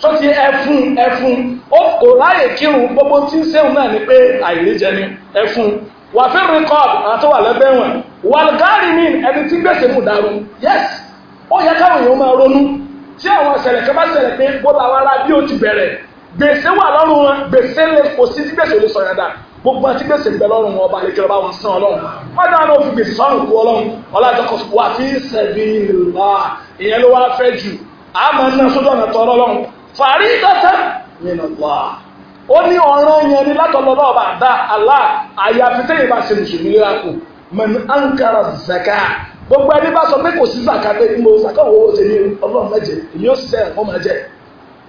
S2: tó ti ẹ̀fún ẹ̀fún ó kò láyè kírun gbogbo tí ń náà ni pé àìrí jẹ ni ẹ̀fún wàfẹ́ rìkọ́d àtọ́wà lẹ́bẹ̀wọ̀n wàlùgárì mi ẹni tí gbèsè mú dàrú yẹ́s ó yẹ káwọn èèyàn máa ronú tí àwọn ìṣẹ̀lẹ̀ kan gbogbo àti gbèsè ìgbẹ́ lọ́rùn wọn ọba àlejò ọba wọn sàn ọlọ́run wọn dáná ó fi gbèsè sọ́run kú ọlọ́run ọlájọkọ̀ wà fi ń sẹ̀bi ìlà ìyẹn ló wá fẹ́ jù àmọ́ náà sójú ọ̀nà tọ́ ọlọ́run fàárí dọ́tẹ́ nínú ó ní ọ̀ràn yẹn ni látọ̀lọ́lọ́ ọba àdá àlá àyàfi tẹ́yìn bá ṣe mùsùlùmí lé àpò mẹ́nu ankara zaka gbogbo ẹni bá sọ pé kò sí zaka pé mo zaka owó owó tèmi ọlọ́run mẹ́jẹ èmi ó sì sẹ́yìn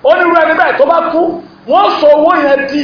S2: fún ẹni bẹ́ẹ̀ tó bá kú wọ́n sọ owó yẹn di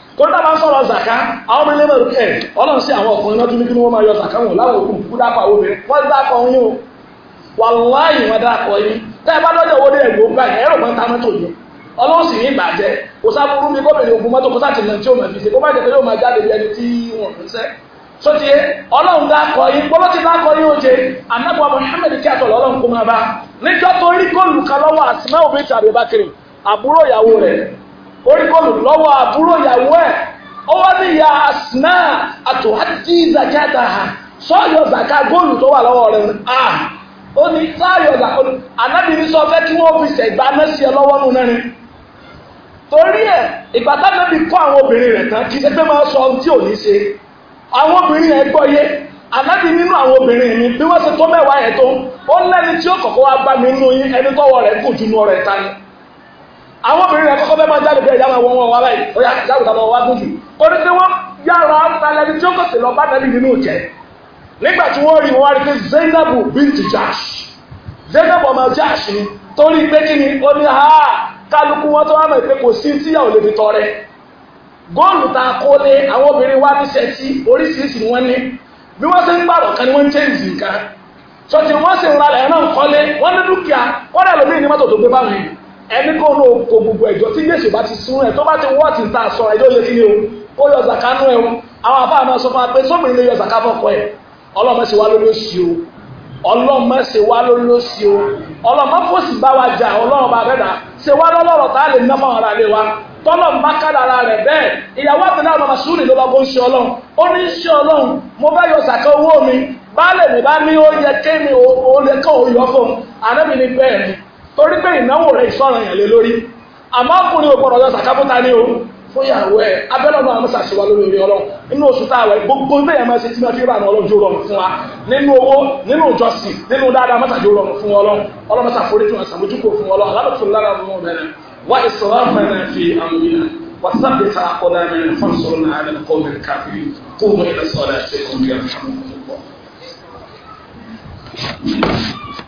S2: kódà máa sọ̀rọ̀ zaka àwọn ọmọ ilé ẹ̀ ọlọ́run sí àwọn ọkùnrin wọ́n máa yọ zaka wọn láwọn òkú kú dápọ̀ wọ́n dápọ̀ yín o wàláyì wọn dápọ̀ yín tẹ́ bá lọ́jọ́ owó dé ẹ̀gbọ́n ẹ̀rọ máa ń ta mọ́tò ọlọ́run sì ní ìbàjẹ́ kò mi gómìnà mọ́tò sáàtì oríkọlù lọ́wọ́ àbúrò ìyàwó ẹ̀ ó wá ní ìyá asná àtòhádì zakata ha zaka góòlù tó wà lọ́wọ́ rẹ̀ à ó ní zaka anábì ní sọ fẹ́ kí wọ́n fi ẹ nù torí àwọn obìnrin tán kì í ṣe pé máa sọ ohun tí ò ní ṣe àwọn obìnrin yé wọ́n ṣe tó yẹn àwọn obìnrin rẹ̀ kọ́kọ́ bẹ́ẹ̀ máa jáde bẹ́ẹ̀ yára wọn wọn wá báyìí ó yà jáde tàbí wá gùn jù ó ní pé wọ́n yára talẹ̀ ní tí ó kọ̀sẹ̀ lọ bá nàbí nínú jẹ́ nígbà tí wọ́n rí wọn rí pé Zainabu binti Jahsh Zainabu ọmọ Jahsh ni torí pé kí ni ó ní ha kálukú wọn tó wà mọ̀ pé kò sí tíyàwó lè fi tọrẹ góòlù ta kó lé àwọn obìnrin wá níṣẹ́ tí oríṣiríṣi wọn ní bí wọ́n ṣe ń pààrọ̀ kan ni wọ́n ń chẹ́ǹsì nǹkan sọ̀tì wọ́n sì ń ralẹ̀ náà kọ́lé wọ́n ní dúkìá kọ́lẹ̀ lómi ní mọ́tò tó gbé báwọn yìí ẹni kò ní oko gbogbo ẹjọ tí gbèsè bá ti sún ẹ tó bá ti wọ́ọ̀tì ta sọ ẹjọ́ yẹ kí ni o kó yọ zaka nú ẹ o àwọn afáà náà sọ fún wa pé sóbìnrin lè yọ zaka fọkọ ẹ ọlọ́mọ sì wá lólóṣì o ọlọ́mọ sì wá lólóṣì o ọlọ́mọ fòsì bá wa jà ọlọ́run bá fẹ́ dà ṣe wá lọ́lọ́rọ̀ tá a lè ná fáwọn ará lé wa tọ́lọ̀ ń bá kádàrà rẹ̀ bẹ́ẹ̀ ìyàwó àtẹnáà lọ́mọ sùúrù ló ń ṣe ọlọ́run ó ní ṣe ọlọ́run mo fẹ́ yọ zaka owó mi bá lè mi bá ní ó yẹ kémi ó lè kọ́ òyọ́ fún àrẹ́mi ní bẹ́ẹ̀ ni torí pé ìnáwó rẹ̀ ìsọ̀rọ̀ yẹn lé lórí àmọ́ ọkùnrin ò gbọ́dọ̀ yọ sàkábútà ní o fún ìyàwó ẹ̀ abẹ́lẹ̀ náà mọ́sà sí wa lórí orí ọlọ́run nínú oṣù tá a wẹ̀ gbogbo ilé ẹ̀ máa ṣe tí máa fi ràn ọlọ́run jó rọrùn fún wa nínú owó nínú ìjọsìn nínú dáadáa mọ́sà jó rọrùn fún ọlọ́run ọlọ́run mọ́sà forí tún àṣà mójúkò fún ọlọ́run alábòtún lára mọ́ bẹ̀rẹ̀ wá ìṣòro àfẹ́nà fi àmìnà وثبت أقدامنا فانصرنا على القوم الكافرين قوموا إلى صلاتكم يرحمكم الله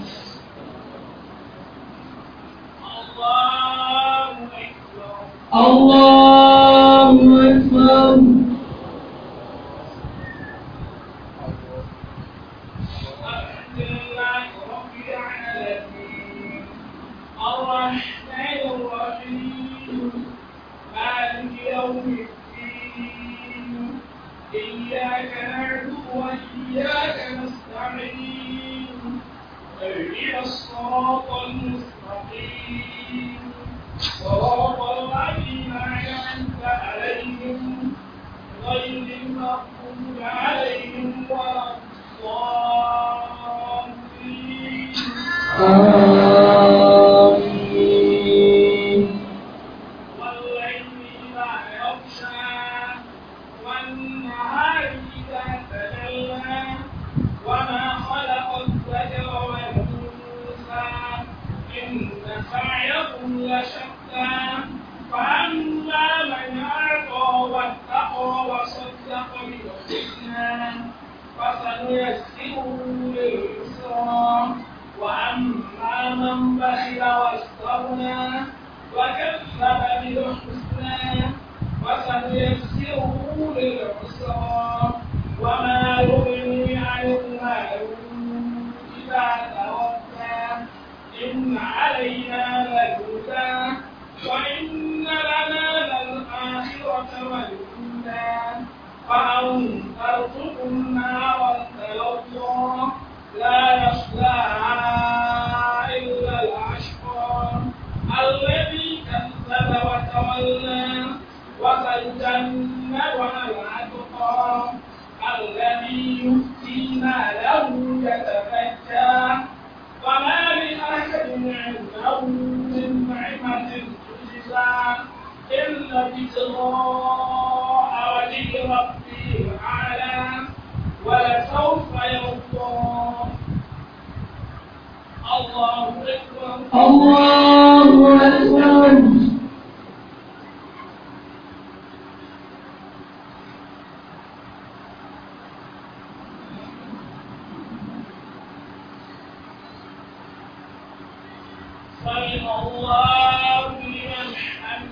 S3: Oh.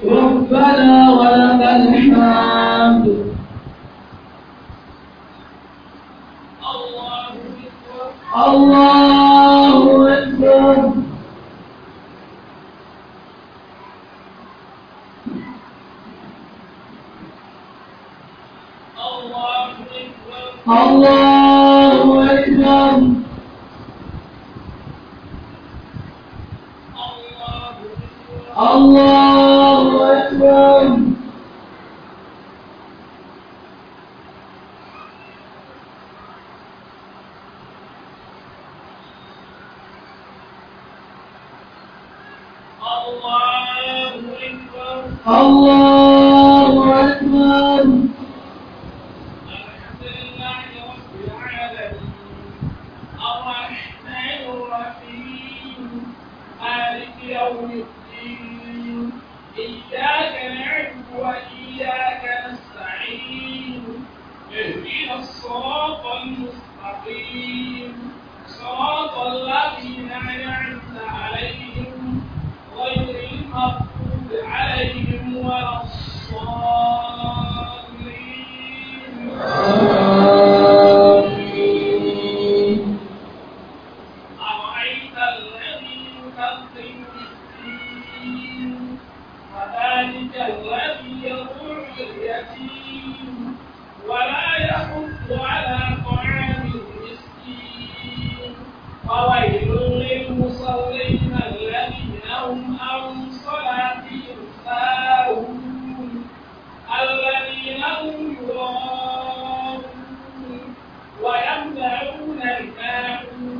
S1: ربنا ولك الحمد
S3: الله
S1: ولا يحض على طعام المسكين فويل للمصلين الذين هم عن صلاتهم ساهون الذين هم يراءون ويمنعون الماعون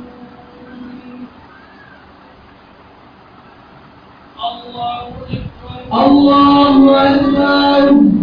S3: الله أكبر الله أكبر